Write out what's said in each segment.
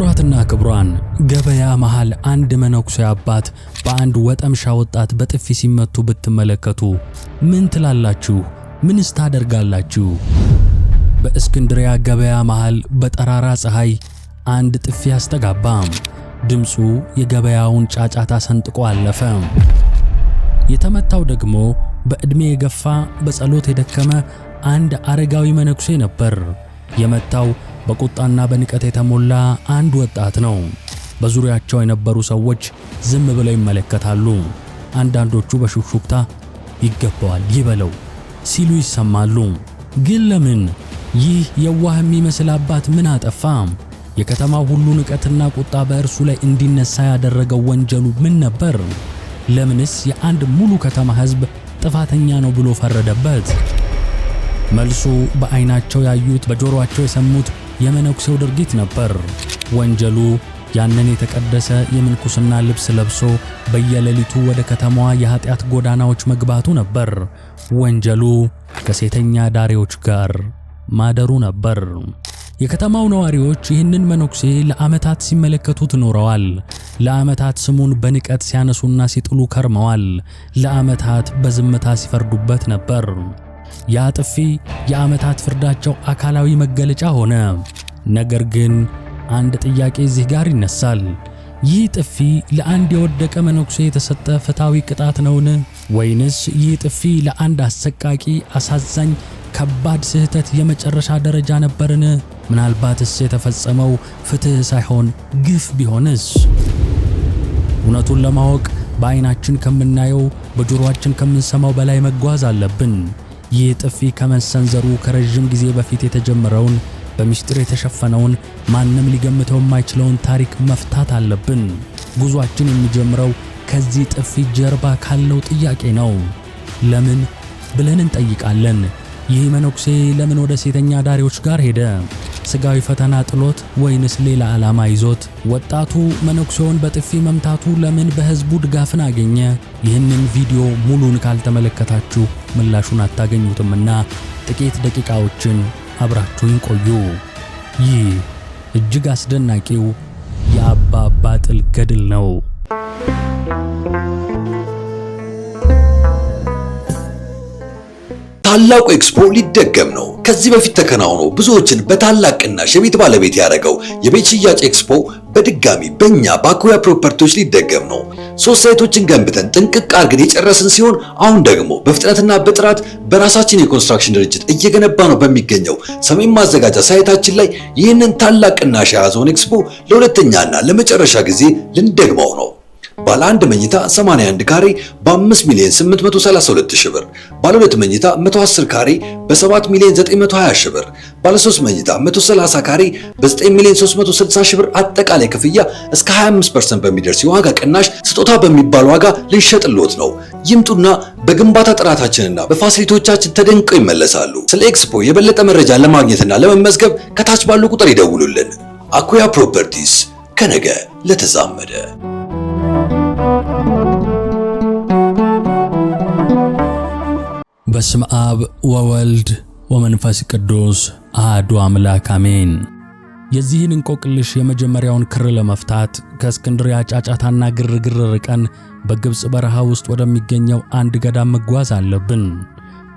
ክቡራትና ክቡራን፣ ገበያ መሃል አንድ መነኩሴ አባት በአንድ ወጠምሻ ወጣት በጥፊ ሲመቱ ብትመለከቱ ምን ትላላችሁ? ምንስ ታደርጋላችሁ? በእስክንድሪያ ገበያ መሃል በጠራራ ፀሐይ አንድ ጥፊ አስተጋባም። ድምፁ የገበያውን ጫጫታ ሰንጥቆ አለፈ። የተመታው ደግሞ በዕድሜ የገፋ በጸሎት የደከመ አንድ አረጋዊ መነኩሴ ነበር። የመታው በቁጣና በንቀት የተሞላ አንድ ወጣት ነው። በዙሪያቸው የነበሩ ሰዎች ዝም ብለው ይመለከታሉ። አንዳንዶቹ በሹክሹክታ ይገባዋል ይበለው ሲሉ ይሰማሉ። ግን ለምን? ይህ የዋህ የሚመስል አባት ምን አጠፋ? የከተማው ሁሉ ንቀትና ቁጣ በእርሱ ላይ እንዲነሳ ያደረገው ወንጀሉ ምን ነበር? ለምንስ የአንድ ሙሉ ከተማ ሕዝብ ጥፋተኛ ነው ብሎ ፈረደበት? መልሱ በዓይናቸው ያዩት በጆሮአቸው የሰሙት የመነኩሴው ድርጊት ነበር። ወንጀሉ ያንን የተቀደሰ የምንኩስና ልብስ ለብሶ በየሌሊቱ ወደ ከተማዋ የኃጢአት ጎዳናዎች መግባቱ ነበር። ወንጀሉ ከሴተኛ ዳሪዎች ጋር ማደሩ ነበር። የከተማው ነዋሪዎች ይህንን መነኩሴ ለዓመታት ሲመለከቱት ኖረዋል። ለዓመታት ስሙን በንቀት ሲያነሱና ሲጥሉ ከርመዋል። ለዓመታት በዝምታ ሲፈርዱበት ነበር። ያ ጥፊ የዓመታት ፍርዳቸው አካላዊ መገለጫ ሆነ። ነገር ግን አንድ ጥያቄ እዚህ ጋር ይነሳል። ይህ ጥፊ ለአንድ የወደቀ መነኩሴ የተሰጠ ፍትሐዊ ቅጣት ነውን? ወይንስ ይህ ጥፊ ለአንድ አሰቃቂ፣ አሳዛኝ፣ ከባድ ስህተት የመጨረሻ ደረጃ ነበርን? ምናልባትስ የተፈጸመው ፍትህ ሳይሆን ግፍ ቢሆንስ? እውነቱን ለማወቅ በአይናችን ከምናየው በጆሮአችን ከምንሰማው በላይ መጓዝ አለብን። ይህ ጥፊ ከመሰንዘሩ ከረዥም ጊዜ በፊት የተጀመረውን በምስጢር የተሸፈነውን ማንም ሊገምተው የማይችለውን ታሪክ መፍታት አለብን። ጉዟችን የሚጀምረው ከዚህ ጥፊ ጀርባ ካለው ጥያቄ ነው። ለምን ብለን እንጠይቃለን። ይህ መነኩሴ ለምን ወደ ሴተኛ ዳሪዎች ጋር ሄደ? ስጋዊ ፈተና ጥሎት ወይንስ ሌላ ዓላማ ይዞት? ወጣቱ መነኩሴውን በጥፊ መምታቱ ለምን በህዝቡ ድጋፍን አገኘ? ይህንን ቪዲዮ ሙሉን ካልተመለከታችሁ ምላሹን አታገኙትምና ጥቂት ደቂቃዎችን አብራችሁን ቆዩ። ይህ እጅግ አስደናቂው የአባ አባ ጥል ገድል ነው። ታላቁ ኤክስፖ ሊደገም ነው። ከዚህ በፊት ተከናውኖ ብዙዎችን በታላቅ ቅናሽ የቤት ባለቤት ያደረገው የቤት ሽያጭ ኤክስፖ በድጋሚ በእኛ በአኩያ ፕሮፐርቲዎች ሊደገም ነው። ሶስት ሳይቶችን ገንብተን ጥንቅቅ አድርገን የጨረስን ሲሆን አሁን ደግሞ በፍጥነትና በጥራት በራሳችን የኮንስትራክሽን ድርጅት እየገነባ ነው በሚገኘው ሰሜን ማዘጋጃ ሳይታችን ላይ ይህንን ታላቅ ቅናሽ የያዘውን ኤክስፖ ለሁለተኛና ለመጨረሻ ጊዜ ልንደግመው ነው። ባለ አንድ መኝታ 81 ካሬ በ5 ሚሊዮን 832 ሺህ ብር፣ ባለ ሁለት መኝታ 110 ካሬ በ7 ሚሊዮን 920 ሺህ ብር፣ ባለ 3 መኝታ 130 ካሬ በ9 ሚሊዮን 360 ሺህ ብር አጠቃላይ ክፍያ እስከ 25% በሚደርስ የዋጋ ቅናሽ ስጦታ በሚባል ዋጋ ልንሸጥልዎት ነው። ይምጡና በግንባታ ጥራታችንና በፋሲሊቶቻችን ተደንቀው ይመለሳሉ። ስለ ኤክስፖ የበለጠ መረጃ ለማግኘትና ለመመዝገብ ከታች ባለው ቁጥር ይደውሉልን። አኩያ ፕሮፐርቲስ ከነገ ለተዛመደ በስም አብ ወወልድ ወመንፈስ ቅዱስ አሐዱ አምላክ አሜን። የዚህን እንቆቅልሽ የመጀመሪያውን ክር ለመፍታት ከእስክንድርያ ጫጫታና ግርግር ርቀን በግብፅ በረሃ ውስጥ ወደሚገኘው አንድ ገዳም መጓዝ አለብን።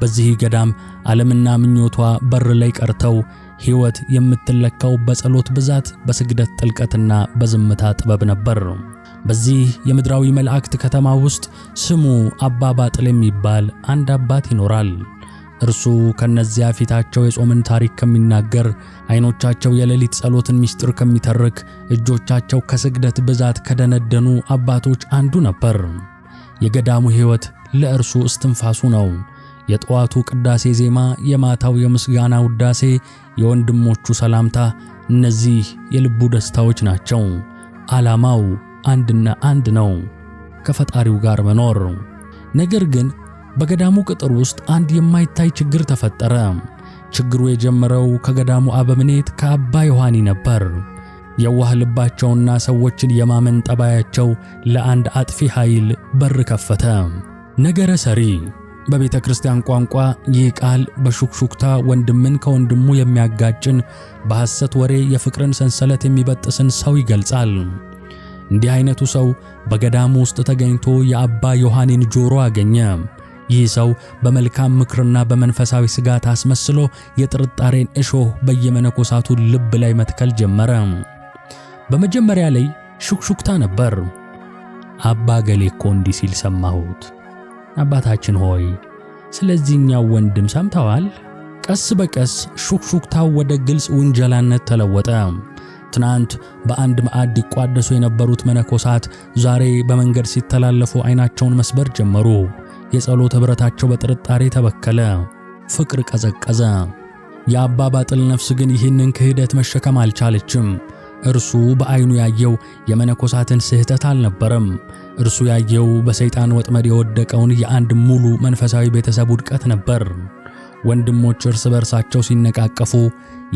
በዚህ ገዳም ዓለምና ምኞቷ በር ላይ ቀርተው ሕይወት የምትለካው በጸሎት ብዛት፣ በስግደት ጥልቀትና በዝምታ ጥበብ ነበር። በዚህ የምድራዊ መላእክት ከተማ ውስጥ ስሙ አባ ባጥል የሚባል አንድ አባት ይኖራል። እርሱ ከነዚያ ፊታቸው የጾምን ታሪክ ከሚናገር፣ ዓይኖቻቸው የሌሊት ጸሎትን ምስጢር ከሚተርክ፣ እጆቻቸው ከስግደት ብዛት ከደነደኑ አባቶች አንዱ ነበር። የገዳሙ ሕይወት ለእርሱ እስትንፋሱ ነው። የጠዋቱ ቅዳሴ ዜማ፣ የማታው የምስጋና ውዳሴ፣ የወንድሞቹ ሰላምታ፣ እነዚህ የልቡ ደስታዎች ናቸው። ዓላማው አንድና አንድ ነው፣ ከፈጣሪው ጋር መኖር። ነገር ግን በገዳሙ ቅጥር ውስጥ አንድ የማይታይ ችግር ተፈጠረ። ችግሩ የጀመረው ከገዳሙ አበምኔት ከአባ ዮሐኒ ነበር። የዋህ ልባቸውና ሰዎችን የማመን ጠባያቸው ለአንድ አጥፊ ኃይል በር ከፈተ። ነገረ ሰሪ በቤተ ክርስቲያን ቋንቋ ይህ ቃል በሹክሹክታ ወንድምን ከወንድሙ የሚያጋጭን፣ በሐሰት ወሬ የፍቅርን ሰንሰለት የሚበጥስን ሰው ይገልጻል። እንዲህ አይነቱ ሰው በገዳም ውስጥ ተገኝቶ የአባ ዮሐኔን ጆሮ አገኘ። ይህ ሰው በመልካም ምክርና በመንፈሳዊ ስጋት አስመስሎ የጥርጣሬን እሾህ በየመነኮሳቱ ልብ ላይ መትከል ጀመረ። በመጀመሪያ ላይ ሹክሹክታ ነበር። አባ ገሌ እኮ እንዲህ ሲል ሰማሁት። አባታችን ሆይ ስለዚህኛው ወንድም ሰምተዋል? ቀስ በቀስ ሹክሹክታው ወደ ግልጽ ውንጀላነት ተለወጠ። ትናንት በአንድ ማዕድ ይቋደሱ የነበሩት መነኮሳት ዛሬ በመንገድ ሲተላለፉ ዓይናቸውን መስበር ጀመሩ። የጸሎት ኅብረታቸው በጥርጣሬ ተበከለ። ፍቅር ቀዘቀዘ። የአባ ባጥል ነፍስ ግን ይህንን ክህደት መሸከም አልቻለችም። እርሱ በዓይኑ ያየው የመነኮሳትን ስህተት አልነበረም። እርሱ ያየው በሰይጣን ወጥመድ የወደቀውን የአንድ ሙሉ መንፈሳዊ ቤተሰብ ውድቀት ነበር። ወንድሞች እርስ በርሳቸው ሲነቃቀፉ፣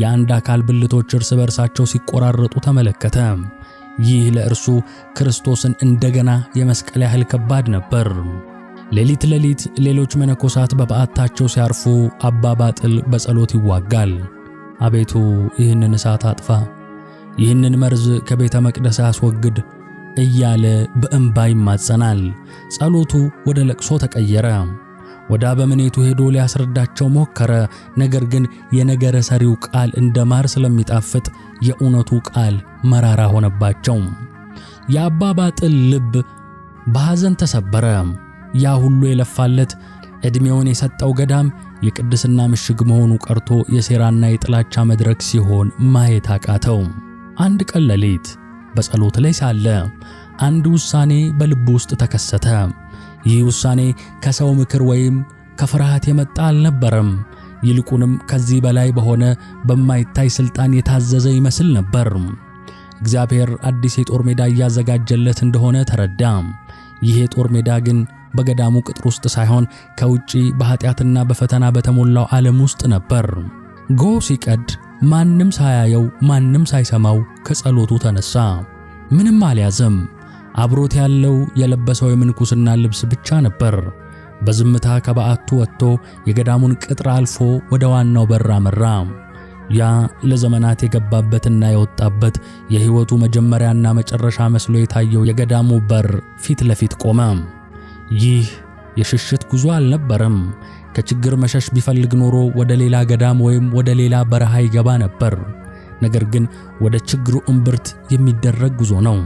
የአንድ አካል ብልቶች እርስ በርሳቸው ሲቆራረጡ ተመለከተ። ይህ ለእርሱ ክርስቶስን እንደገና የመስቀል ያህል ከባድ ነበር። ሌሊት ሌሊት ሌሎች መነኮሳት በበዓታቸው ሲያርፉ፣ አባ ባጥል በጸሎት ይዋጋል። አቤቱ ይህንን እሳት አጥፋ፣ ይህንን መርዝ ከቤተ መቅደስ አስወግድ እያለ በእንባ ይማጸናል። ጸሎቱ ወደ ለቅሶ ተቀየረ። ወደ አበምኔቱ ሄዶ ሊያስረዳቸው ሞከረ። ነገር ግን የነገረ ሰሪው ቃል እንደ ማር ስለሚጣፍጥ የእውነቱ ቃል መራራ ሆነባቸው። የአባ ባጥል ልብ በሐዘን ተሰበረ። ያ ሁሉ የለፋለት ዕድሜውን የሰጠው ገዳም የቅድስና ምሽግ መሆኑ ቀርቶ የሴራና የጥላቻ መድረክ ሲሆን ማየት አቃተው። አንድ ቀን ሌሊት በጸሎት ላይ ሳለ አንድ ውሳኔ በልቡ ውስጥ ተከሰተ። ይህ ውሳኔ ከሰው ምክር ወይም ከፍርሃት የመጣ አልነበረም። ይልቁንም ከዚህ በላይ በሆነ በማይታይ ሥልጣን የታዘዘ ይመስል ነበር። እግዚአብሔር አዲስ የጦር ሜዳ እያዘጋጀለት እንደሆነ ተረዳ። ይህ የጦር ሜዳ ግን በገዳሙ ቅጥር ውስጥ ሳይሆን ከውጪ በኃጢአትና በፈተና በተሞላው ዓለም ውስጥ ነበር። ጎ ሲቀድ ማንም ሳያየው ማንም ሳይሰማው ከጸሎቱ ተነሳ። ምንም አልያዘም። አብሮት ያለው የለበሰው የምንኩስና ልብስ ብቻ ነበር። በዝምታ ከበዓቱ ወጥቶ የገዳሙን ቅጥር አልፎ ወደ ዋናው በር አመራ። ያ ለዘመናት የገባበትና የወጣበት የሕይወቱ መጀመሪያና መጨረሻ መስሎ የታየው የገዳሙ በር ፊት ለፊት ቆመ። ይህ የሽሽት ጉዞ አልነበረም። ከችግር መሸሽ ቢፈልግ ኖሮ ወደ ሌላ ገዳም ወይም ወደ ሌላ በረሃ ይገባ ነበር። ነገር ግን ወደ ችግሩ እምብርት የሚደረግ ጉዞ ነው።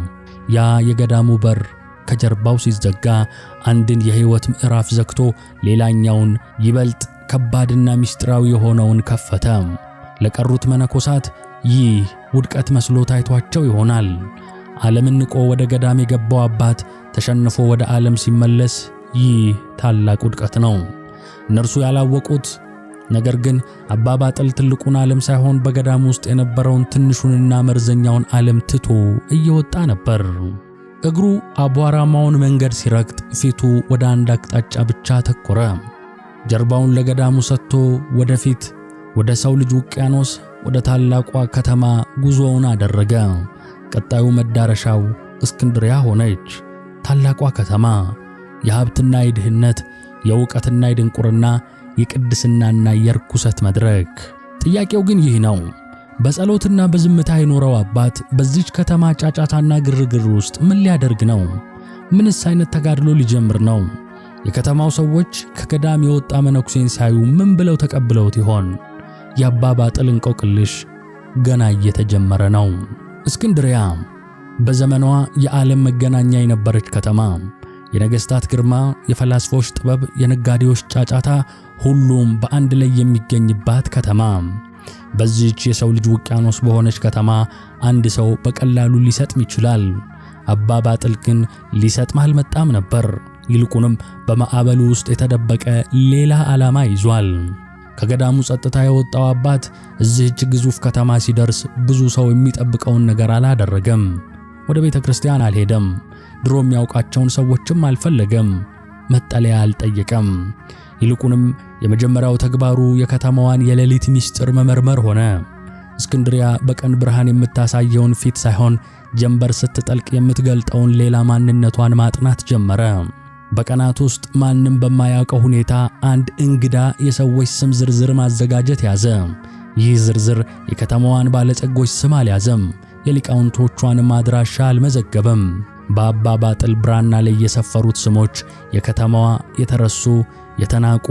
ያ የገዳሙ በር ከጀርባው ሲዘጋ አንድን የሕይወት ምዕራፍ ዘግቶ ሌላኛውን ይበልጥ ከባድና ምስጢራዊ የሆነውን ከፈተ። ለቀሩት መነኮሳት ይህ ውድቀት መስሎ ታይቷቸው ይሆናል። ዓለምን ንቆ ወደ ገዳም የገባው አባት ተሸንፎ ወደ ዓለም ሲመለስ ይህ ታላቅ ውድቀት ነው። እነርሱ ያላወቁት ነገር ግን አባባጥል ትልቁን ዓለም ሳይሆን በገዳም ውስጥ የነበረውን ትንሹንና መርዘኛውን ዓለም ትቶ እየወጣ ነበር። እግሩ አቧራማውን መንገድ ሲረግጥ ፊቱ ወደ አንድ አቅጣጫ ብቻ አተኮረ። ጀርባውን ለገዳሙ ሰጥቶ ወደፊት ወደ ሰው ልጅ ውቅያኖስ ወደ ታላቋ ከተማ ጉዞውን አደረገ። ቀጣዩ መዳረሻው እስክንድሪያ ሆነች። ታላቋ ከተማ የሀብትና የድህነት የእውቀትና የድንቁርና የቅድስናና የርኩሰት መድረክ። ጥያቄው ግን ይህ ነው። በጸሎትና በዝምታ የኖረው አባት በዚች ከተማ ጫጫታና ግርግር ውስጥ ምን ሊያደርግ ነው? ምንስ አይነት ተጋድሎ ሊጀምር ነው? የከተማው ሰዎች ከገዳም የወጣ መነኩሴን ሲያዩ ምን ብለው ተቀብለውት ይሆን? የአባ ባጥል እንቆቅልሽ ገና እየተጀመረ ነው። እስክንድሪያ በዘመኗ የዓለም መገናኛ የነበረች ከተማ፣ የነገሥታት ግርማ፣ የፈላስፎች ጥበብ፣ የነጋዴዎች ጫጫታ ሁሉም በአንድ ላይ የሚገኝባት ከተማ። በዚህች የሰው ልጅ ውቅያኖስ በሆነች ከተማ አንድ ሰው በቀላሉ ሊሰጥም ይችላል። አባ ባጥል ግን ሊሰጥም አልመጣም ነበር። ይልቁንም በማዕበሉ ውስጥ የተደበቀ ሌላ ዓላማ ይዟል። ከገዳሙ ጸጥታ የወጣው አባት እዚህች ግዙፍ ከተማ ሲደርስ ብዙ ሰው የሚጠብቀውን ነገር አላደረገም። ወደ ቤተ ክርስቲያን አልሄደም። ድሮ የሚያውቃቸውን ሰዎችም አልፈለገም። መጠለያ አልጠየቀም። ይልቁንም የመጀመሪያው ተግባሩ የከተማዋን የሌሊት ምስጢር መመርመር ሆነ። እስክንድሪያ በቀን ብርሃን የምታሳየውን ፊት ሳይሆን ጀንበር ስትጠልቅ የምትገልጠውን ሌላ ማንነቷን ማጥናት ጀመረ። በቀናት ውስጥ ማንም በማያውቀው ሁኔታ አንድ እንግዳ የሰዎች ስም ዝርዝር ማዘጋጀት ያዘ። ይህ ዝርዝር የከተማዋን ባለጸጎች ስም አልያዘም፣ የሊቃውንቶቿንም አድራሻ አልመዘገበም። በአባ ባጥል ብራና ላይ የሰፈሩት ስሞች የከተማዋ የተረሱ የተናቁ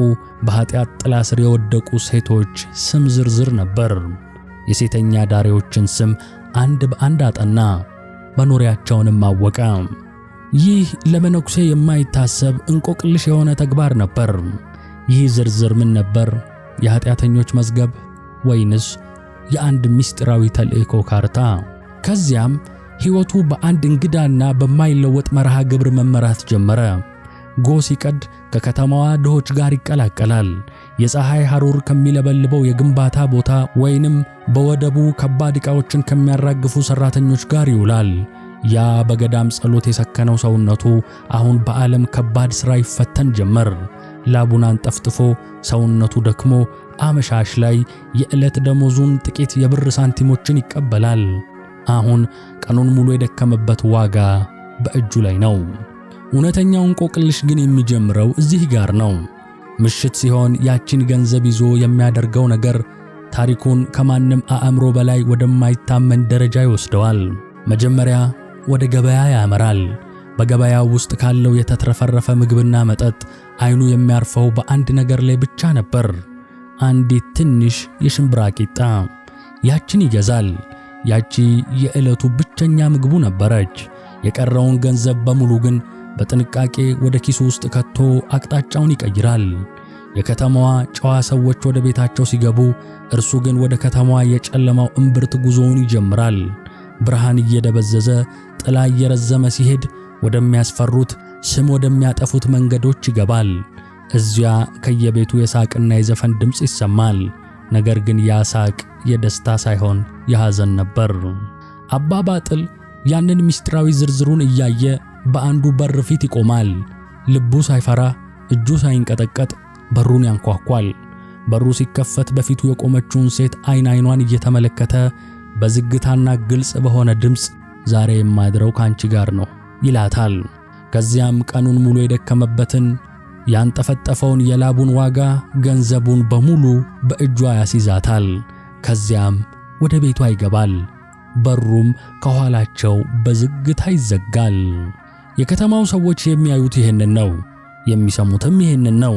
በኃጢአት ጥላ ስር የወደቁ ሴቶች ስም ዝርዝር ነበር። የሴተኛ ዳሪዎችን ስም አንድ በአንድ አጠና፣ መኖሪያቸውንም አወቀ። ይህ ለመነኩሴ የማይታሰብ እንቆቅልሽ የሆነ ተግባር ነበር። ይህ ዝርዝር ምን ነበር? የኃጢአተኞች መዝገብ ወይንስ የአንድ ምስጢራዊ ተልእኮ ካርታ? ከዚያም ሕይወቱ በአንድ እንግዳና በማይለወጥ መርሃ ግብር መመራት ጀመረ። ጎ ሲቀድ ከከተማዋ ድሆች ጋር ይቀላቀላል። የፀሐይ ሐሩር ከሚለበልበው የግንባታ ቦታ ወይንም በወደቡ ከባድ ዕቃዎችን ከሚያራግፉ ሠራተኞች ጋር ይውላል። ያ በገዳም ጸሎት የሰከነው ሰውነቱ አሁን በዓለም ከባድ ሥራ ይፈተን ጀመር። ላቡናን ጠፍጥፎ ሰውነቱ ደክሞ አመሻሽ ላይ የዕለት ደሞዙን ጥቂት የብር ሳንቲሞችን ይቀበላል። አሁን ቀኑን ሙሉ የደከመበት ዋጋ በእጁ ላይ ነው። እውነተኛው እንቆቅልሽ ግን የሚጀምረው እዚህ ጋር ነው። ምሽት ሲሆን ያችን ገንዘብ ይዞ የሚያደርገው ነገር ታሪኩን ከማንም አእምሮ በላይ ወደማይታመን ደረጃ ይወስደዋል። መጀመሪያ ወደ ገበያ ያመራል። በገበያው ውስጥ ካለው የተትረፈረፈ ምግብና መጠጥ አይኑ የሚያርፈው በአንድ ነገር ላይ ብቻ ነበር። አንዲት ትንሽ የሽምብራ ቂጣ። ያችን ይገዛል። ያቺ የዕለቱ ብቸኛ ምግቡ ነበረች። የቀረውን ገንዘብ በሙሉ ግን በጥንቃቄ ወደ ኪሱ ውስጥ ከቶ አቅጣጫውን ይቀይራል። የከተማዋ ጨዋ ሰዎች ወደ ቤታቸው ሲገቡ፣ እርሱ ግን ወደ ከተማዋ የጨለማው እምብርት ጉዞውን ይጀምራል። ብርሃን እየደበዘዘ ጥላ እየረዘመ ሲሄድ ወደሚያስፈሩት ስም ወደሚያጠፉት መንገዶች ይገባል። እዚያ ከየቤቱ የሳቅና የዘፈን ድምፅ ይሰማል። ነገር ግን ያ ሳቅ የደስታ ሳይሆን የሐዘን ነበር። አባ ባጥል ያንን ምስጢራዊ ዝርዝሩን እያየ በአንዱ በር ፊት ይቆማል። ልቡ ሳይፈራ እጁ ሳይንቀጠቀጥ በሩን ያንኳኳል። በሩ ሲከፈት በፊቱ የቆመችውን ሴት አይን አይኗን እየተመለከተ በዝግታና ግልጽ በሆነ ድምፅ ዛሬ የማድረው ከአንቺ ጋር ነው ይላታል። ከዚያም ቀኑን ሙሉ የደከመበትን ያንጠፈጠፈውን የላቡን ዋጋ ገንዘቡን በሙሉ በእጇ ያስይዛታል። ከዚያም ወደ ቤቷ ይገባል። በሩም ከኋላቸው በዝግታ ይዘጋል። የከተማው ሰዎች የሚያዩት ይህንን ነው፣ የሚሰሙትም ይህንን ነው።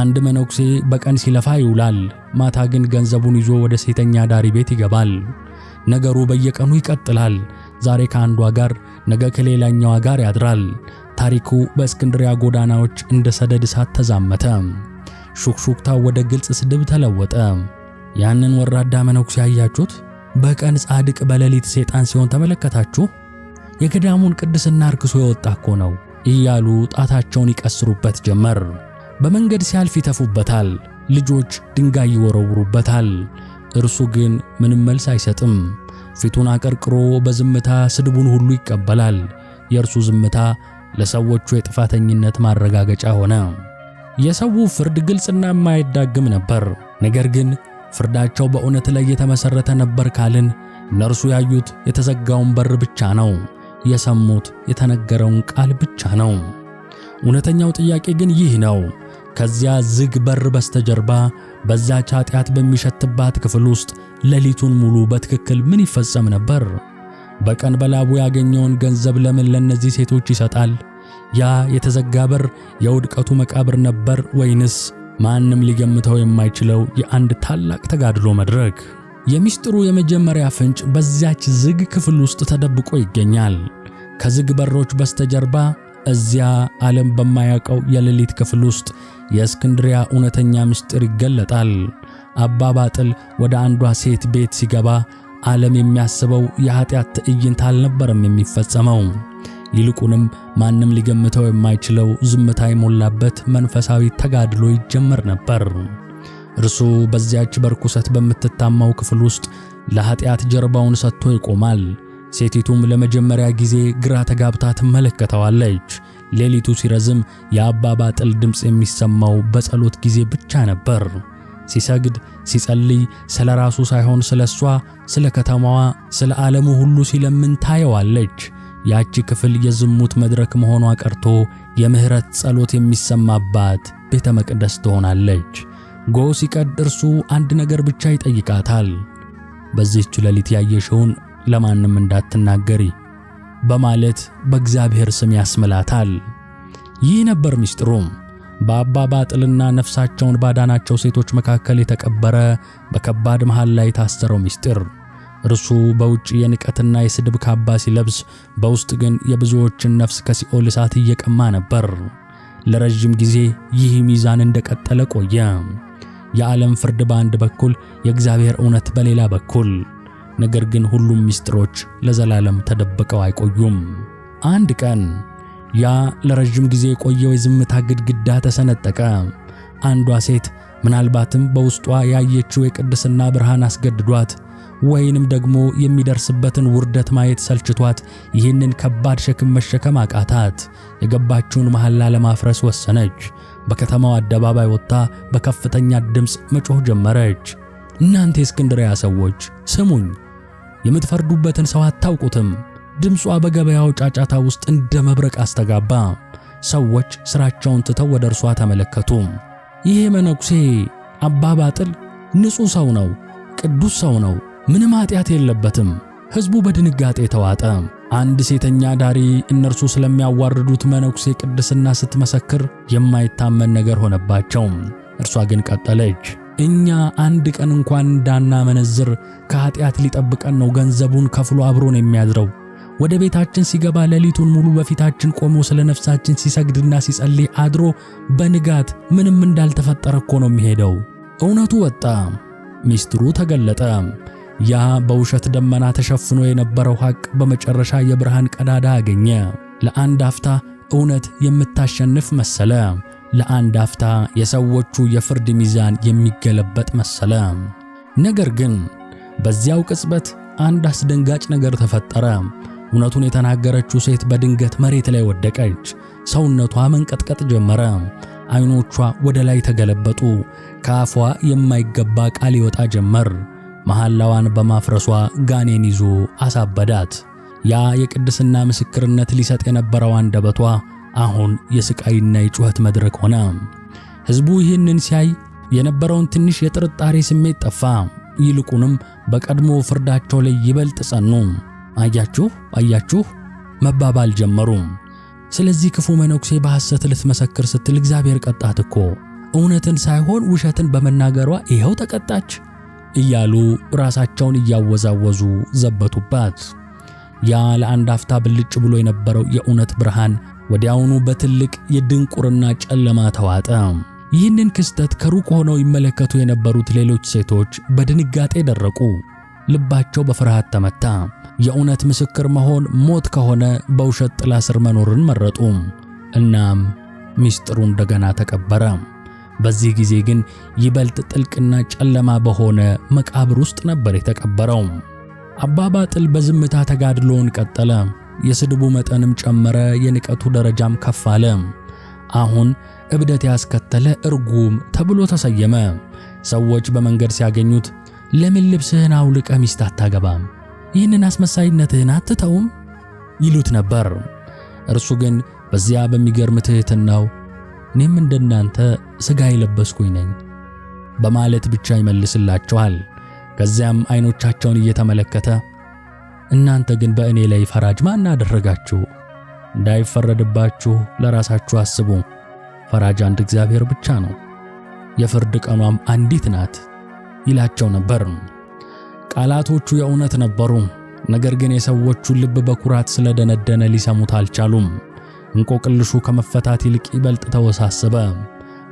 አንድ መነኩሴ በቀን ሲለፋ ይውላል፣ ማታ ግን ገንዘቡን ይዞ ወደ ሴተኛ ዳሪ ቤት ይገባል። ነገሩ በየቀኑ ይቀጥላል። ዛሬ ከአንዷ ጋር፣ ነገ ከሌላኛዋ ጋር ያድራል። ታሪኩ በእስክንድሪያ ጎዳናዎች እንደ ሰደድ እሳት ተዛመተ። ሹክሹክታ ወደ ግልጽ ስድብ ተለወጠ። ያንን ወራዳ መነኩሴ ያያችሁት? በቀን ጻድቅ በሌሊት ሰይጣን ሲሆን ተመለከታችሁ? የገዳሙን ቅድስና አርክሶ የወጣ እኮ ነው እያሉ ጣታቸውን ይቀስሩበት ጀመር። በመንገድ ሲያልፍ ይተፉበታል፣ ልጆች ድንጋይ ይወረውሩበታል። እርሱ ግን ምንም መልስ አይሰጥም። ፊቱን አቀርቅሮ በዝምታ ስድቡን ሁሉ ይቀበላል። የእርሱ ዝምታ ለሰዎቹ የጥፋተኝነት ማረጋገጫ ሆነ። የሰው ፍርድ ግልጽና የማይዳግም ነበር። ነገር ግን ፍርዳቸው በእውነት ላይ የተመሰረተ ነበር ካልን እነርሱ ያዩት የተዘጋውን በር ብቻ ነው። የሰሙት የተነገረውን ቃል ብቻ ነው። እውነተኛው ጥያቄ ግን ይህ ነው። ከዚያ ዝግ በር በስተጀርባ በዛች ኃጢአት በሚሸትባት ክፍል ውስጥ ሌሊቱን ሙሉ በትክክል ምን ይፈጸም ነበር? በቀን በላቡ ያገኘውን ገንዘብ ለምን ለእነዚህ ሴቶች ይሰጣል? ያ የተዘጋ በር የውድቀቱ መቃብር ነበር ወይንስ ማንም ሊገምተው የማይችለው የአንድ ታላቅ ተጋድሎ መድረክ? የሚስጢሩ የመጀመሪያ ፍንጭ በዚያች ዝግ ክፍል ውስጥ ተደብቆ ይገኛል። ከዝግ በሮች በስተጀርባ እዚያ ዓለም በማያውቀው የሌሊት ክፍል ውስጥ የእስክንድሪያ እውነተኛ ምስጢር ይገለጣል። አባ ባጥል ወደ አንዷ ሴት ቤት ሲገባ ዓለም የሚያስበው የኃጢአት ትዕይንት አልነበረም የሚፈጸመው። ይልቁንም ማንም ሊገምተው የማይችለው ዝምታ የሞላበት መንፈሳዊ ተጋድሎ ይጀመር ነበር። እርሱ በዚያች በርኩሰት በምትታማው ክፍል ውስጥ ለኃጢአት ጀርባውን ሰጥቶ ይቆማል። ሴቲቱም ለመጀመሪያ ጊዜ ግራ ተጋብታ ትመለከተዋለች። ሌሊቱ ሲረዝም የአባባ ጥል ድምፅ የሚሰማው በጸሎት ጊዜ ብቻ ነበር። ሲሰግድ ሲጸልይ ስለ ራሱ ሳይሆን ስለ እሷ፣ ስለ ከተማዋ፣ ስለ ዓለሙ ሁሉ ሲለምን ታየዋለች። ያቺ ክፍል የዝሙት መድረክ መሆኗ ቀርቶ የምሕረት ጸሎት የሚሰማባት ቤተ መቅደስ ትሆናለች። ጎ ሲቀድ እርሱ አንድ ነገር ብቻ ይጠይቃታል። በዚህች ሌሊት ያየሽውን ለማንም እንዳትናገሪ በማለት በእግዚአብሔር ስም ያስምላታል። ይህ ነበር ምስጢሩም። በአባ ባጥልና ነፍሳቸውን ባዳናቸው ሴቶች መካከል የተቀበረ በከባድ መሃል ላይ የታሰረው ምስጢር። እርሱ በውጭ የንቀትና የስድብ ካባ ሲለብስ፣ በውስጥ ግን የብዙዎችን ነፍስ ከሲኦል እሳት እየቀማ ነበር። ለረዥም ጊዜ ይህ ሚዛን እንደቀጠለ ቆየ። የዓለም ፍርድ በአንድ በኩል፣ የእግዚአብሔር እውነት በሌላ በኩል። ነገር ግን ሁሉም ምስጢሮች ለዘላለም ተደብቀው አይቆዩም። አንድ ቀን ያ ለረጅም ጊዜ የቆየው የዝምታ ግድግዳ ተሰነጠቀ። አንዷ ሴት ምናልባትም በውስጧ ያየችው የቅድስና ብርሃን አስገድዷት ወይንም ደግሞ የሚደርስበትን ውርደት ማየት ሰልችቷት ይህንን ከባድ ሸክም መሸከም አቃታት። የገባችውን መሐላ ለማፍረስ ወሰነች። በከተማው አደባባይ ወጥታ በከፍተኛ ድምፅ መጮህ ጀመረች። እናንተ የእስክንድርያ ሰዎች ስሙኝ፣ የምትፈርዱበትን ሰው አታውቁትም። ድምጿ በገበያው ጫጫታ ውስጥ እንደ መብረቅ አስተጋባ። ሰዎች ስራቸውን ትተው ወደ እርሷ ተመለከቱ። ይሄ መነኩሴ አባ ባጥል ንጹሕ ሰው ነው፣ ቅዱስ ሰው ነው ምንም ኃጢአት የለበትም። ሕዝቡ በድንጋጤ ተዋጠ። አንድ ሴተኛ ዳሪ እነርሱ ስለሚያዋርዱት መነኩሴ ቅድስና ስትመሰክር የማይታመን ነገር ሆነባቸው። እርሷ ግን ቀጠለች። እኛ አንድ ቀን እንኳን እንዳናመነዝር ከኃጢአት ሊጠብቀን ነው ገንዘቡን ከፍሎ አብሮን የሚያድረው። ወደ ቤታችን ሲገባ ሌሊቱን ሙሉ በፊታችን ቆሞ ስለ ነፍሳችን ሲሰግድና ሲጸልይ አድሮ በንጋት ምንም እንዳልተፈጠረ እኮ ነው የሚሄደው። እውነቱ ወጣ፣ ሚስጥሩ ተገለጠ። ያ በውሸት ደመና ተሸፍኖ የነበረው ሐቅ በመጨረሻ የብርሃን ቀዳዳ አገኘ። ለአንድ አፍታ እውነት የምታሸንፍ መሰለ። ለአንድ አፍታ የሰዎቹ የፍርድ ሚዛን የሚገለበጥ መሰለ። ነገር ግን በዚያው ቅጽበት አንድ አስደንጋጭ ነገር ተፈጠረ። እውነቱን የተናገረችው ሴት በድንገት መሬት ላይ ወደቀች። ሰውነቷ መንቀጥቀጥ ጀመረ። ዓይኖቿ ወደ ላይ ተገለበጡ። ከአፏ የማይገባ ቃል ይወጣ ጀመር። መሐላዋን በማፍረሷ ጋኔን ይዞ አሳበዳት። ያ የቅድስና ምስክርነት ሊሰጥ የነበረው አንደበቷ አሁን የስቃይና የጩኸት መድረክ ሆነ። ሕዝቡ ይህንን ሲያይ የነበረውን ትንሽ የጥርጣሬ ስሜት ጠፋ። ይልቁንም በቀድሞ ፍርዳቸው ላይ ይበልጥ ጸኑ። አያችሁ አያችሁ መባባል ጀመሩ። ስለዚህ ክፉ መነኩሴ በሐሰት ልትመሰክር ስትል እግዚአብሔር ቀጣት እኮ፣ እውነትን ሳይሆን ውሸትን በመናገሯ ይኸው ተቀጣች እያሉ ራሳቸውን እያወዛወዙ ዘበቱባት። ያ ለአንድ አፍታ ብልጭ ብሎ የነበረው የእውነት ብርሃን ወዲያውኑ በትልቅ የድንቁርና ጨለማ ተዋጠ። ይህንን ክስተት ከሩቅ ሆነው ይመለከቱ የነበሩት ሌሎች ሴቶች በድንጋጤ ደረቁ። ልባቸው በፍርሃት ተመታ። የእውነት ምስክር መሆን ሞት ከሆነ በውሸት ጥላ ስር መኖርን መረጡ። እናም ምስጢሩ እንደገና ተቀበረ። በዚህ ጊዜ ግን ይበልጥ ጥልቅና ጨለማ በሆነ መቃብር ውስጥ ነበር የተቀበረው። አባ ባጥል በዝምታ ተጋድሎውን ቀጠለ። የስድቡ መጠንም ጨመረ፣ የንቀቱ ደረጃም ከፍ አለ። አሁን እብደት ያስከተለ እርጉም ተብሎ ተሰየመ። ሰዎች በመንገድ ሲያገኙት ለምን ልብስህን አውልቀ ሚስት አታገባም? ይህንን አስመሳይነትህን አትተውም? ይሉት ነበር። እርሱ ግን በዚያ በሚገርም ትሕትናው እኔም እንደናንተ ሥጋ የለበስኩኝ ነኝ በማለት ብቻ ይመልስላቸዋል። ከዚያም አይኖቻቸውን እየተመለከተ እናንተ ግን በእኔ ላይ ፈራጅ ማን አደረጋችሁ? እንዳይፈረድባችሁ ለራሳችሁ አስቡ። ፈራጅ አንድ እግዚአብሔር ብቻ ነው፣ የፍርድ ቀኗም አንዲት ናት ይላቸው ነበር። ቃላቶቹ የእውነት ነበሩ። ነገር ግን የሰዎቹ ልብ በኩራት ስለደነደነ ሊሰሙት አልቻሉም። እንቆቅልሹ ከመፈታት ይልቅ ይበልጥ ተወሳሰበ።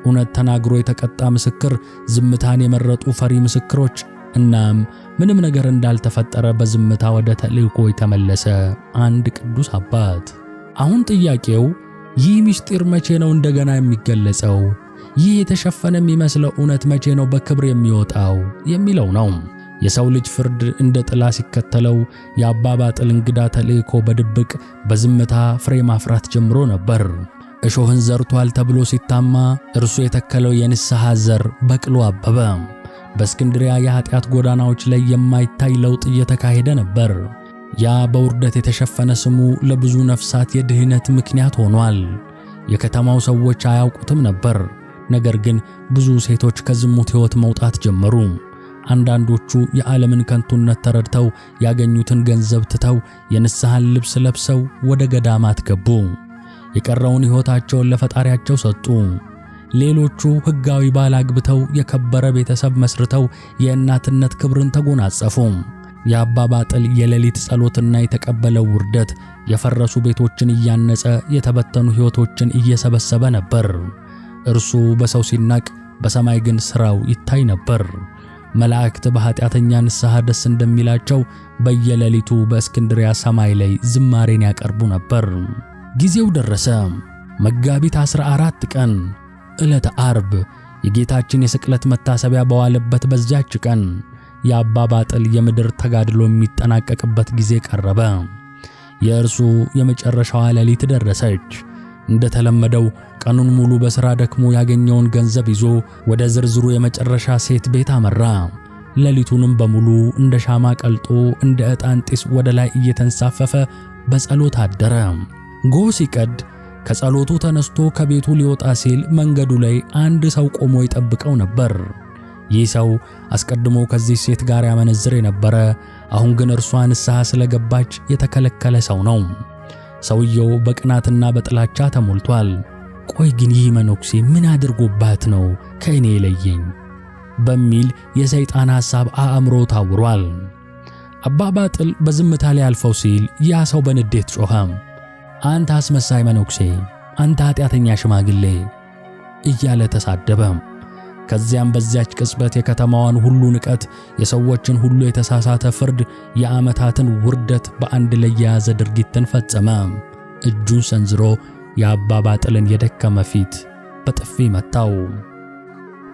እውነት ተናግሮ የተቀጣ ምስክር፣ ዝምታን የመረጡ ፈሪ ምስክሮች፣ እናም ምንም ነገር እንዳልተፈጠረ በዝምታ ወደ ተልእኮ የተመለሰ አንድ ቅዱስ አባት። አሁን ጥያቄው ይህ ምስጢር መቼ ነው እንደገና የሚገለጸው? ይህ የተሸፈነ የሚመስለው እውነት መቼ ነው በክብር የሚወጣው የሚለው ነው። የሰው ልጅ ፍርድ እንደ ጥላ ሲከተለው ጥል እንግዳ ተልእኮ በድብቅ በዝምታ ፍሬ ማፍራት ጀምሮ ነበር። እሾህን ዘርቷል ተብሎ ሲታማ እርሱ የተከለው የንስሐ ዘር በቅሎ አበበ። በእስክንድሪያ የኃጢአት ጎዳናዎች ላይ የማይታይ ለውጥ እየተካሄደ ነበር። ያ በውርደት የተሸፈነ ስሙ ለብዙ ነፍሳት የድህነት ምክንያት ሆኗል። የከተማው ሰዎች አያውቁትም ነበር። ነገር ግን ብዙ ሴቶች ከዝሙት ሕይወት መውጣት ጀመሩ። አንዳንዶቹ የዓለምን ከንቱነት ተረድተው ያገኙትን ገንዘብ ትተው የንስሐን ልብስ ለብሰው ወደ ገዳማት ገቡ። የቀረውን ሕይወታቸውን ለፈጣሪያቸው ሰጡ። ሌሎቹ ሕጋዊ ባል አግብተው የከበረ ቤተሰብ መስርተው የእናትነት ክብርን ተጎናጸፉ። የአባ ባጥል የሌሊት ጸሎትና የተቀበለው ውርደት የፈረሱ ቤቶችን እያነጸ የተበተኑ ሕይወቶችን እየሰበሰበ ነበር። እርሱ በሰው ሲናቅ፣ በሰማይ ግን ሥራው ይታይ ነበር። መላእክት በኃጢአተኛ ንስሐ ደስ እንደሚላቸው በየሌሊቱ በእስክንድሪያ ሰማይ ላይ ዝማሬን ያቀርቡ ነበር። ጊዜው ደረሰ። መጋቢት 14 ቀን ዕለተ አርብ የጌታችን የስቅለት መታሰቢያ በዋለበት በዚያች ቀን የአባ ባጥል የምድር ተጋድሎ የሚጠናቀቅበት ጊዜ ቀረበ። የእርሱ የመጨረሻዋ ሌሊት ደረሰች። እንደተለመደው ቀኑን ሙሉ በሥራ ደክሞ ያገኘውን ገንዘብ ይዞ ወደ ዝርዝሩ የመጨረሻ ሴት ቤት አመራ። ሌሊቱንም በሙሉ እንደ ሻማ ቀልጦ እንደ ዕጣን ጢስ ወደ ላይ እየተንሳፈፈ በጸሎት አደረ። ጎ ሲቀድ ከጸሎቱ ተነስቶ ከቤቱ ሊወጣ ሲል መንገዱ ላይ አንድ ሰው ቆሞ ይጠብቀው ነበር። ይህ ሰው አስቀድሞ ከዚህ ሴት ጋር ያመነዝር የነበረ አሁን ግን እርሷ ንስሐ ስለገባች የተከለከለ ሰው ነው። ሰውየው በቅናትና በጥላቻ ተሞልቷል። ቆይ ግን ይህ መነኩሴ ምን አድርጎባት ነው ከእኔ የለየኝ? በሚል የሰይጣን ሐሳብ አእምሮ ታውሯል። አባ ባጥል በዝምታ ላይ አልፈው ሲል ያ ሰው በንዴት ጮኸ። አንተ አስመሳይ መነኩሴ፣ አንተ ኃጢአተኛ ሽማግሌ እያለ ተሳደበም ከዚያም በዚያች ቅጽበት የከተማዋን ሁሉ ንቀት፣ የሰዎችን ሁሉ የተሳሳተ ፍርድ፣ የዓመታትን ውርደት በአንድ ላይ የያዘ ድርጊትን ፈጸመ። እጁን ሰንዝሮ የአባ ባጥልን የደከመ ፊት በጥፊ መታው።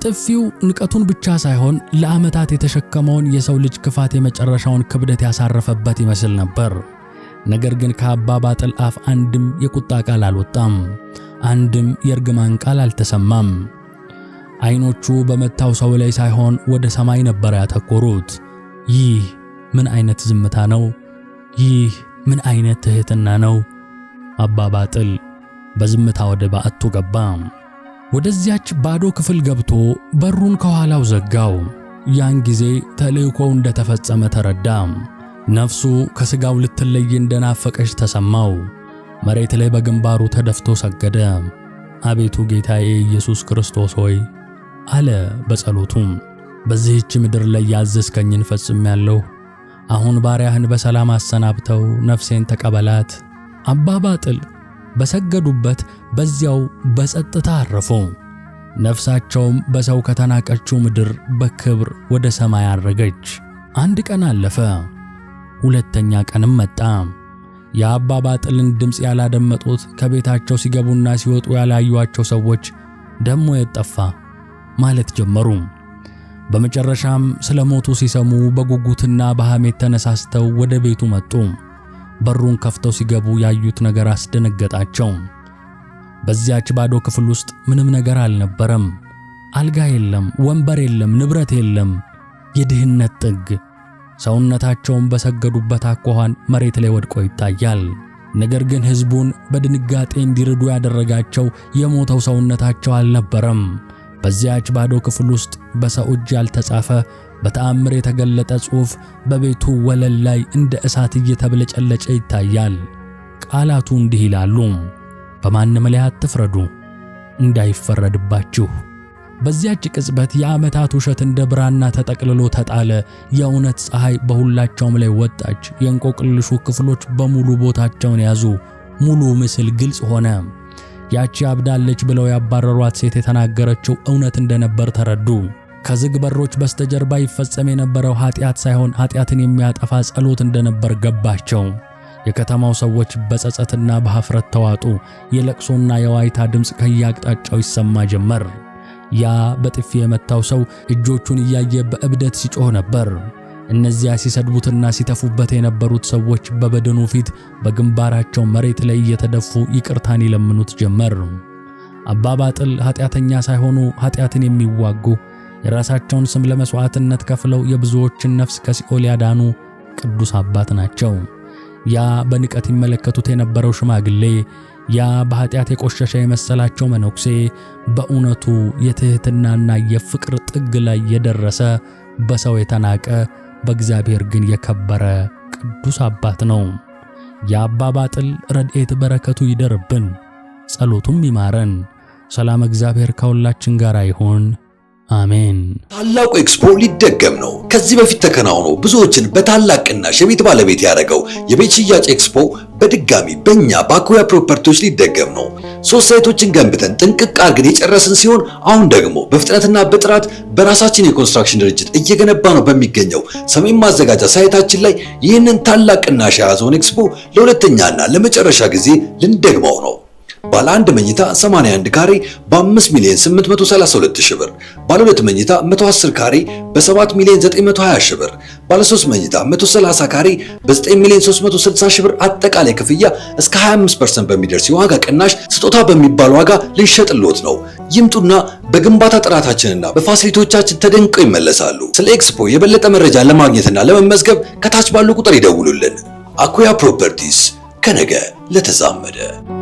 ጥፊው ንቀቱን ብቻ ሳይሆን ለዓመታት የተሸከመውን የሰው ልጅ ክፋት የመጨረሻውን ክብደት ያሳረፈበት ይመስል ነበር። ነገር ግን ከአባ ባጥል አፍ አንድም የቁጣ ቃል አልወጣም። አንድም የእርግማን ቃል አልተሰማም። አይኖቹ በመታው ሰው ላይ ሳይሆን ወደ ሰማይ ነበር ያተኮሩት። ይህ ምን አይነት ዝምታ ነው? ይህ ምን አይነት ትህትና ነው? አባ ባጥል በዝምታ ወደ ባዕቱ ገባ። ወደዚያች ባዶ ክፍል ገብቶ በሩን ከኋላው ዘጋው። ያን ጊዜ ተልእኮው እንደተፈጸመ ተረዳ። ነፍሱ ከሥጋው ልትለይ እንደናፈቀች ተሰማው። መሬት ላይ በግንባሩ ተደፍቶ ሰገደ። አቤቱ ጌታዬ ኢየሱስ ክርስቶስ ሆይ አለ በጸሎቱም። በዚህች ምድር ላይ ያዘዝከኝን ፈጽሜያለሁ። አሁን ባሪያህን በሰላም አሰናብተው ነፍሴን ተቀበላት። አባ ባጥል በሰገዱበት በዚያው በጸጥታ አረፉ። ነፍሳቸውም በሰው ከተናቀችው ምድር በክብር ወደ ሰማይ አረገች። አንድ ቀን አለፈ። ሁለተኛ ቀንም መጣ። የአባ ባጥልን ድምፅ ያላደመጡት ከቤታቸው ሲገቡና ሲወጡ ያላዩአቸው ሰዎች ደሞ የት ጠፋ ማለት ጀመሩ። በመጨረሻም ስለ ሞቱ ሲሰሙ በጉጉትና በሐሜት ተነሳስተው ወደ ቤቱ መጡ። በሩን ከፍተው ሲገቡ ያዩት ነገር አስደነገጣቸው። በዚያች ባዶ ክፍል ውስጥ ምንም ነገር አልነበረም። አልጋ የለም፣ ወንበር የለም፣ ንብረት የለም። የድህነት ጥግ። ሰውነታቸውን በሰገዱበት አኳኋን መሬት ላይ ወድቆ ይታያል። ነገር ግን ሕዝቡን በድንጋጤ እንዲርዱ ያደረጋቸው የሞተው ሰውነታቸው አልነበረም በዚያች ባዶ ክፍል ውስጥ በሰው እጅ ያልተጻፈ በተአምር የተገለጠ ጽሑፍ በቤቱ ወለል ላይ እንደ እሳት እየተብለጨለጨ ይታያል። ቃላቱ እንዲህ ይላሉ፣ በማንም ላይ አትፍረዱ እንዳይፈረድባችሁ። በዚያች ቅጽበት የዓመታት ውሸት እንደ ብራና ተጠቅልሎ ተጣለ። የእውነት ፀሐይ በሁላቸውም ላይ ወጣች። የእንቆቅልሹ ክፍሎች በሙሉ ቦታቸውን ያዙ። ሙሉ ምስል ግልጽ ሆነ። ያቺ አብዳለች ብለው ያባረሯት ሴት የተናገረችው እውነት እንደነበር ተረዱ። ከዝግ በሮች በስተጀርባ ይፈጸም የነበረው ኃጢአት ሳይሆን ኃጢአትን የሚያጠፋ ጸሎት እንደነበር ገባቸው። የከተማው ሰዎች በጸጸትና በሐፍረት ተዋጡ። የለቅሶና የዋይታ ድምፅ ከየአቅጣጫው ይሰማ ጀመር። ያ በጥፊ የመታው ሰው እጆቹን እያየ በእብደት ሲጮህ ነበር። እነዚያ ሲሰድቡትና ሲተፉበት የነበሩት ሰዎች በበደኑ ፊት በግንባራቸው መሬት ላይ እየተደፉ ይቅርታን ይለምኑት ጀመር። አባባጥል ኃጢአተኛ ሳይሆኑ ኃጢአትን የሚዋጉ የራሳቸውን ስም ለመሥዋዕትነት ከፍለው የብዙዎችን ነፍስ ከሲኦል ያዳኑ ቅዱስ አባት ናቸው። ያ በንቀት ይመለከቱት የነበረው ሽማግሌ፣ ያ በኃጢአት የቆሸሸ የመሰላቸው መነኩሴ በእውነቱ የትሕትናና የፍቅር ጥግ ላይ የደረሰ በሰው የተናቀ በእግዚአብሔር ግን የከበረ ቅዱስ አባት ነው። የአባ ባጥል ረድኤት በረከቱ ይደርብን፣ ጸሎቱም ይማረን። ሰላም እግዚአብሔር ከሁላችን ጋር ይሁን። አሜን። ታላቁ ኤክስፖ ሊደገም ነው። ከዚህ በፊት ተከናውኖ ብዙዎችን በታላቅ ቅናሽ የቤት ባለቤት ያደረገው የቤት ሽያጭ ኤክስፖ በድጋሚ በእኛ በአኩያ ፕሮፐርቲዎች ሊደገም ነው። ሶስት ሳይቶችን ገንብተን ጥንቅቅ አድርገን የጨረስን ሲሆን አሁን ደግሞ በፍጥነትና በጥራት በራሳችን የኮንስትራክሽን ድርጅት እየገነባ ነው በሚገኘው ሰሜን ማዘጋጃ ሳይታችን ላይ ይህንን ታላቅ ቅናሽ የያዘውን ኤክስፖ ለሁለተኛና ለመጨረሻ ጊዜ ልንደግመው ነው። ባለ አንድ መኝታ 81 ካሬ በ5 ሚሊዮን 832 ሺህ ብር፣ ባለ ሁለት መኝታ 110 ካሬ በ7 ሚሊዮን 920 ሺህ ብር፣ ባለ 3 መኝታ 130 ካሬ በ9 ሚሊዮን 360 ሺህ ብር አጠቃላይ ክፍያ እስከ 25% በሚደርስ የዋጋ ቅናሽ ስጦታ በሚባል ዋጋ ልንሸጥልዎት ነው። ይምጡና በግንባታ ጥራታችንና በፋሲሊቶቻችን ተደንቀው ይመለሳሉ። ስለ ኤክስፖ የበለጠ መረጃ ለማግኘትና ለመመዝገብ ከታች ባለው ቁጥር ይደውሉልን። አኩያ ፕሮፐርቲስ ከነገ ለተዛመደ